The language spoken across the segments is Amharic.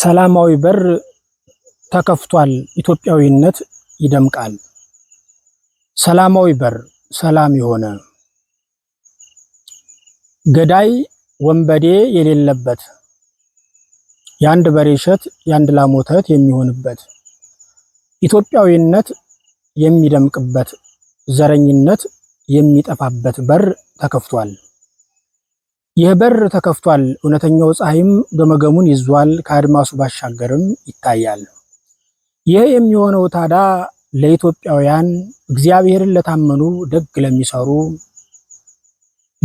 ሰላማዊ በር ተከፍቷል፣ ኢትዮጵያዊነት ይደምቃል። ሰላማዊ በር ሰላም የሆነ ገዳይ ወንበዴ የሌለበት የአንድ በሬ እሸት የአንድ ላም ወተት የሚሆንበት ኢትዮጵያዊነት የሚደምቅበት ዘረኝነት የሚጠፋበት በር ተከፍቷል። ይህ በር ተከፍቷል፣ እውነተኛው ፀሐይም ገመገሙን ይዟል፣ ከአድማሱ ባሻገርም ይታያል። ይህ የሚሆነው ታዲያ ለኢትዮጵያውያን እግዚአብሔርን ለታመኑ ደግ ለሚሰሩ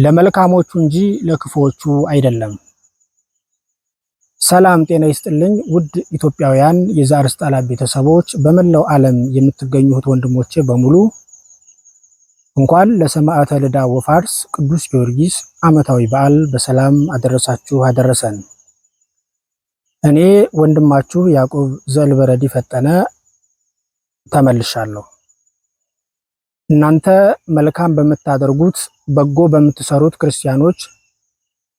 ለመልካሞቹ እንጂ ለክፉዎቹ አይደለም። ሰላም ጤና ይስጥልኝ ውድ ኢትዮጵያውያን የዛሪስ ጣላ ቤተሰቦች፣ በመላው ዓለም የምትገኙት ወንድሞቼ በሙሉ እንኳን ለሰማዕተ ልዳ ወፋርስ ቅዱስ ጊዮርጊስ ዓመታዊ በዓል በሰላም አደረሳችሁ አደረሰን። እኔ ወንድማችሁ ያዕቆብ ዘልበረዲ ፈጠነ ተመልሻለሁ። እናንተ መልካም በምታደርጉት በጎ በምትሰሩት ክርስቲያኖች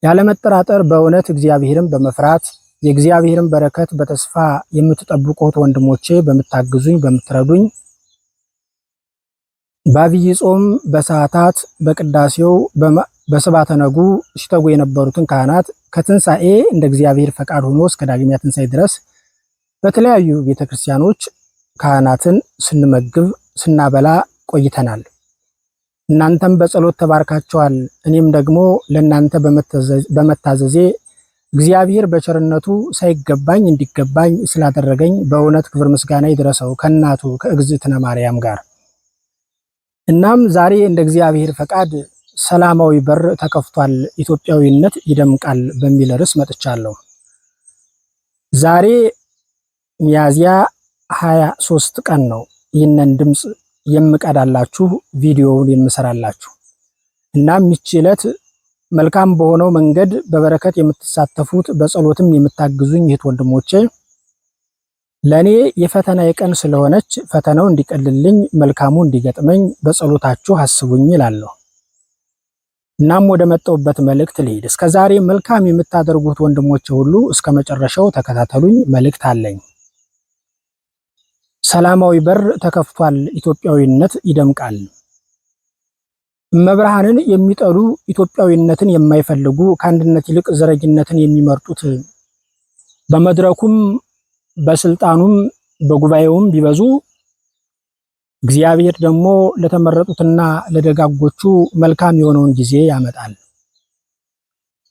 ያለመጠራጠር በእውነት እግዚአብሔርን በመፍራት የእግዚአብሔርን በረከት በተስፋ የምትጠብቁት ወንድሞቼ በምታግዙኝ በምትረዱኝ በአብይ ጾም በሰዓታት በቅዳሴው በስባተ ነጉ ሲተጉ የነበሩትን ካህናት ከትንሣኤ እንደ እግዚአብሔር ፈቃድ ሆኖ እስከ ዳግሚያ ትንሣኤ ድረስ በተለያዩ ቤተክርስቲያኖች ካህናትን ስንመግብ ስናበላ ቆይተናል። እናንተም በጸሎት ተባርካችኋል። እኔም ደግሞ ለእናንተ በመታዘዜ እግዚአብሔር በቸርነቱ ሳይገባኝ እንዲገባኝ ስላደረገኝ በእውነት ክብር ምስጋና ይድረሰው ከእናቱ ከእግዝእትነ ማርያም ጋር እናም ዛሬ እንደ እግዚአብሔር ፈቃድ ሰላማዊ በር ተከፍቷል፣ ኢትዮጵያዊነት ይደምቃል በሚል ርዕስ መጥቻለሁ። ዛሬ ሚያዝያ 23 ቀን ነው። ይህንን ድምፅ የምቀዳላችሁ ቪዲዮውን የምሰራላችሁ። እናም ይቺ ዕለት መልካም በሆነው መንገድ በበረከት የምትሳተፉት በጸሎትም የምታግዙኝ እህት ወንድሞቼ ለእኔ የፈተና የቀን ስለሆነች ፈተናው እንዲቀልልኝ መልካሙ እንዲገጥመኝ በጸሎታችሁ አስቡኝ ይላለሁ። እናም ወደ መጣሁበት መልእክት ልሂድ። እስከ ዛሬ መልካም የምታደርጉት ወንድሞች ሁሉ እስከ መጨረሻው ተከታተሉኝ። መልእክት አለኝ። ሰላማዊ በር ተከፍቷል። ኢትዮጵያዊነት ይደምቃል። እመብርሃንን የሚጠሉ ኢትዮጵያዊነትን የማይፈልጉ ከአንድነት ይልቅ ዘረኝነትን የሚመርጡት በመድረኩም በስልጣኑም በጉባኤውም ቢበዙ እግዚአብሔር ደግሞ ለተመረጡትና ለደጋጎቹ መልካም የሆነውን ጊዜ ያመጣል።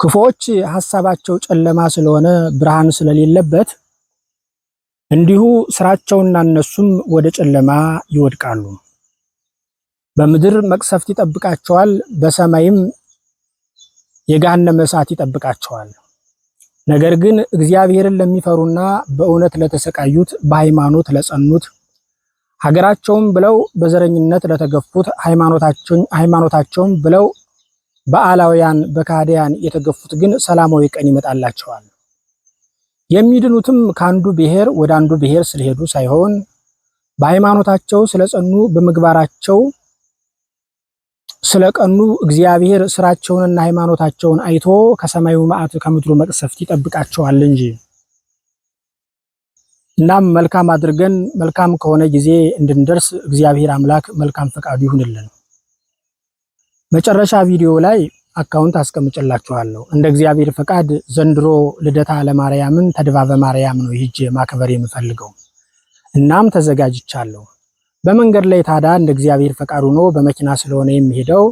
ክፎች ሐሳባቸው ጨለማ ስለሆነ ብርሃን ስለሌለበት እንዲሁ ስራቸውና እነሱም ወደ ጨለማ ይወድቃሉ። በምድር መቅሰፍት ይጠብቃቸዋል፣ በሰማይም የገሃነመ እሳት ይጠብቃቸዋል። ነገር ግን እግዚአብሔርን ለሚፈሩና በእውነት ለተሰቃዩት በሃይማኖት ለጸኑት ሀገራቸውም ብለው በዘረኝነት ለተገፉት ሃይማኖታቸውም ብለው በአላውያን በካህዲያን የተገፉት ግን ሰላማዊ ቀን ይመጣላቸዋል። የሚድኑትም ከአንዱ ብሔር ወደ አንዱ ብሔር ስለሄዱ ሳይሆን በሃይማኖታቸው ስለጸኑ በምግባራቸው ስለቀኑ እግዚአብሔር ስራቸውንና ሃይማኖታቸውን አይቶ ከሰማዩ መዓት ከምድሩ መቅሰፍት ይጠብቃቸዋል እንጂ። እናም መልካም አድርገን መልካም ከሆነ ጊዜ እንድንደርስ እግዚአብሔር አምላክ መልካም ፈቃዱ ይሁንልን። መጨረሻ ቪዲዮ ላይ አካውንት አስቀምጭላችኋለሁ። እንደ እግዚአብሔር ፈቃድ ዘንድሮ ልደታ ለማርያምን ተድባበ ማርያም ነው ይህጅ ማክበር የምፈልገው። እናም ተዘጋጅቻለሁ። በመንገድ ላይ ታዳ እንደ እግዚአብሔር ፈቃድ ሆኖ በመኪና ስለሆነ የሚሄደው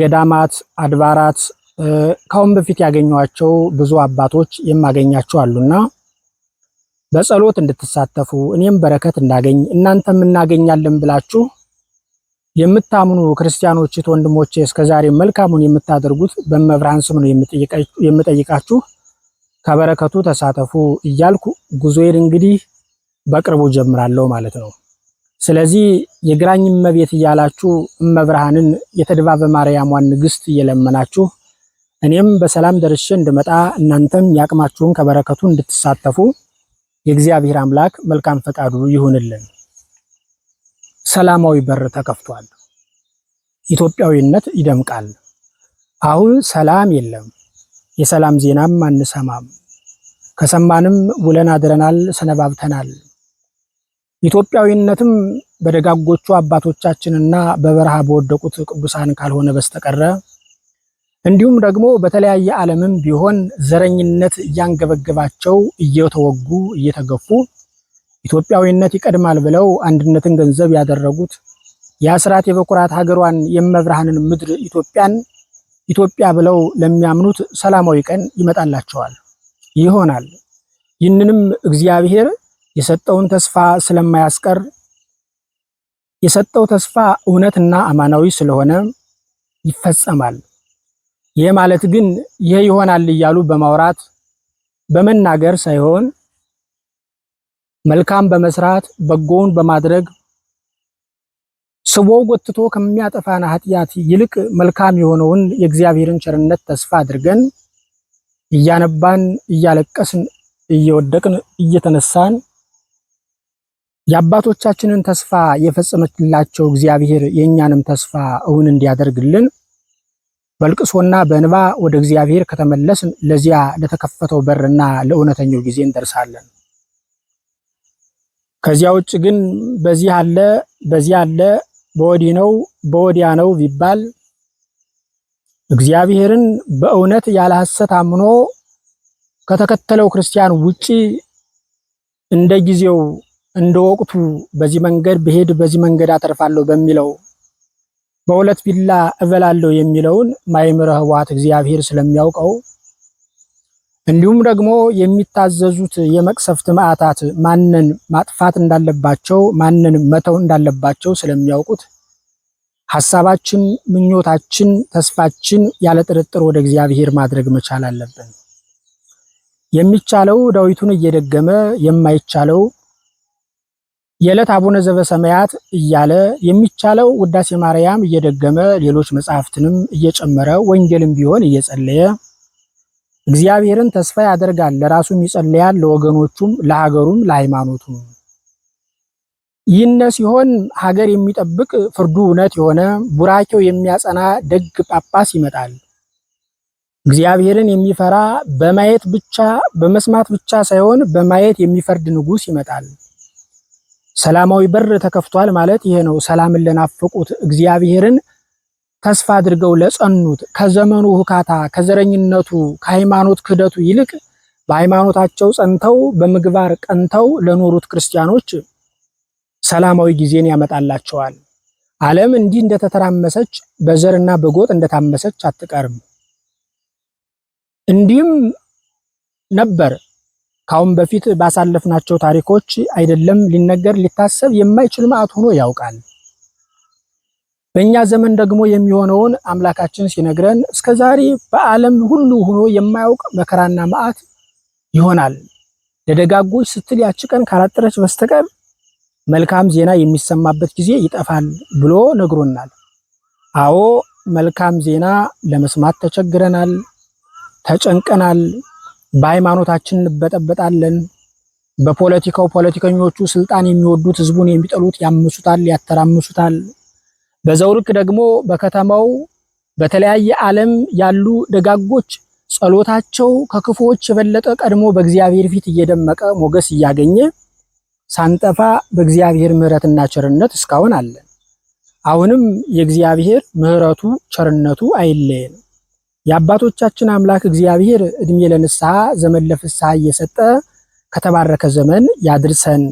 ገዳማት፣ አድባራት ካሁን በፊት ያገኟቸው ብዙ አባቶች የማገኛቸው አሉና በጸሎት እንድትሳተፉ እኔም በረከት እንዳገኝ እናንተም እናገኛለን ብላችሁ የምታምኑ ክርስቲያኖች ወንድሞቼ እስከዛሬ መልካሙን የምታደርጉት በመብርሃን ስም ነው የምጠይቃችሁ። ከበረከቱ ተሳተፉ እያልኩ ጉዞዬን እንግዲህ በቅርቡ ጀምራለሁ ማለት ነው። ስለዚህ የግራኝ እመቤት እያላችሁ እመብርሃንን የተድባበ ማርያሟን ንግስት እየለመናችሁ እኔም በሰላም ደርሼ እንድመጣ እናንተም ያቅማችሁን ከበረከቱ እንድትሳተፉ የእግዚአብሔር አምላክ መልካም ፈቃዱ ይሁንልን። ሰላማዊ በር ተከፍቷል። ኢትዮጵያዊነት ይደምቃል። አሁን ሰላም የለም፣ የሰላም ዜናም አንሰማም። ከሰማንም ውለን አድረናል፣ ሰነባብተናል። ኢትዮጵያዊነትም በደጋጎቹ አባቶቻችንና በበረሃ በወደቁት ቅዱሳን ካልሆነ በስተቀረ እንዲሁም ደግሞ በተለያየ ዓለምም ቢሆን ዘረኝነት እያንገበገባቸው እየተወጉ እየተገፉ ኢትዮጵያዊነት ይቀድማል ብለው አንድነትን ገንዘብ ያደረጉት የአስራት የበኩራት ሀገሯን የመብርሃንን ምድር ኢትዮጵያን ኢትዮጵያ ብለው ለሚያምኑት ሰላማዊ ቀን ይመጣላቸዋል ይሆናል። ይህንንም እግዚአብሔር የሰጠውን ተስፋ ስለማያስቀር የሰጠው ተስፋ እውነትና አማናዊ ስለሆነ ይፈጸማል። ይህ ማለት ግን ይህ ይሆናል እያሉ በማውራት በመናገር ሳይሆን መልካም በመስራት በጎውን በማድረግ ስቦ ጎትቶ ከሚያጠፋን ኃጢአት ይልቅ መልካም የሆነውን የእግዚአብሔርን ቸርነት ተስፋ አድርገን እያነባን እያለቀስን እየወደቅን እየተነሳን የአባቶቻችንን ተስፋ የፈጸመችላቸው እግዚአብሔር የእኛንም ተስፋ እውን እንዲያደርግልን በልቅሶና በእንባ ወደ እግዚአብሔር ከተመለስን ለዚያ ለተከፈተው በርና ለእውነተኛው ጊዜ እንደርሳለን። ከዚያ ውጭ ግን በዚህ አለ በዚህ አለ በወዲህ ነው በወዲያ ነው ቢባል እግዚአብሔርን በእውነት ያለ ሐሰት አምኖ ከተከተለው ክርስቲያን ውጪ እንደ ጊዜው እንደ ወቅቱ በዚህ መንገድ ብሄድ በዚህ መንገድ አተርፋለሁ በሚለው በሁለት ቢላ እበላለሁ የሚለውን ማይምረ ህወሓት እግዚአብሔር ስለሚያውቀው እንዲሁም ደግሞ የሚታዘዙት የመቅሰፍት መዓታት ማንን ማጥፋት እንዳለባቸው ማንን መተው እንዳለባቸው ስለሚያውቁት ሐሳባችን፣ ምኞታችን፣ ተስፋችን ያለ ጥርጥር ወደ እግዚአብሔር ማድረግ መቻል አለብን። የሚቻለው ዳዊቱን እየደገመ የማይቻለው የዕለት አቡነ ዘበሰማያት እያለ የሚቻለው ውዳሴ ማርያም እየደገመ ሌሎች መጽሐፍትንም እየጨመረ ወንጌልም ቢሆን እየጸለየ እግዚአብሔርን ተስፋ ያደርጋል። ለራሱም ይጸልያል፣ ለወገኖቹም፣ ለሀገሩም፣ ለሃይማኖቱም። ይህነ ሲሆን ሀገር የሚጠብቅ ፍርዱ እውነት የሆነ ቡራኬው የሚያጸና ደግ ጳጳስ ይመጣል። እግዚአብሔርን የሚፈራ በማየት ብቻ በመስማት ብቻ ሳይሆን በማየት የሚፈርድ ንጉሥ ይመጣል። ሰላማዊ በር ተከፍቷል ማለት ይሄ ነው። ሰላምን ለናፈቁት እግዚአብሔርን ተስፋ አድርገው ለጸኑት ከዘመኑ ሁካታ ከዘረኝነቱ ከሃይማኖት ክህደቱ ይልቅ በሃይማኖታቸው ጸንተው በምግባር ቀንተው ለኖሩት ክርስቲያኖች ሰላማዊ ጊዜን ያመጣላቸዋል። ዓለም እንዲህ እንደተተራመሰች በዘርና በጎጥ እንደታመሰች አትቀርም። እንዲህም ነበር ከአሁን በፊት ባሳለፍናቸው ታሪኮች አይደለም ሊነገር ሊታሰብ የማይችል መዓት ሆኖ ያውቃል። በእኛ ዘመን ደግሞ የሚሆነውን አምላካችን ሲነግረን እስከዛሬ በዓለም ሁሉ ሆኖ የማያውቅ መከራና መዓት ይሆናል። ለደጋጎች ስትል ያጭቀን ቀን ካላጠረች በስተቀር መልካም ዜና የሚሰማበት ጊዜ ይጠፋል ብሎ ነግሮናል። አዎ መልካም ዜና ለመስማት ተቸግረናል፣ ተጨንቀናል። በሃይማኖታችን እንበጠበጣለን፣ በፖለቲካው ፖለቲከኞቹ ስልጣን የሚወዱት ህዝቡን የሚጠሉት ያምሱታል፣ ያተራምሱታል። በዛው ልክ ደግሞ በከተማው በተለያየ ዓለም ያሉ ደጋጎች ጸሎታቸው ከክፉዎች የበለጠ ቀድሞ በእግዚአብሔር ፊት እየደመቀ ሞገስ እያገኘ ሳንጠፋ በእግዚአብሔር ምሕረትና ቸርነት እስካሁን አለን። አሁንም የእግዚአብሔር ምሕረቱ ቸርነቱ አይለየንም። የአባቶቻችን አምላክ እግዚአብሔር እድሜ ለንስሐ ዘመን ለፍስሐ እየሰጠ ከተባረከ ዘመን ያድርሰን።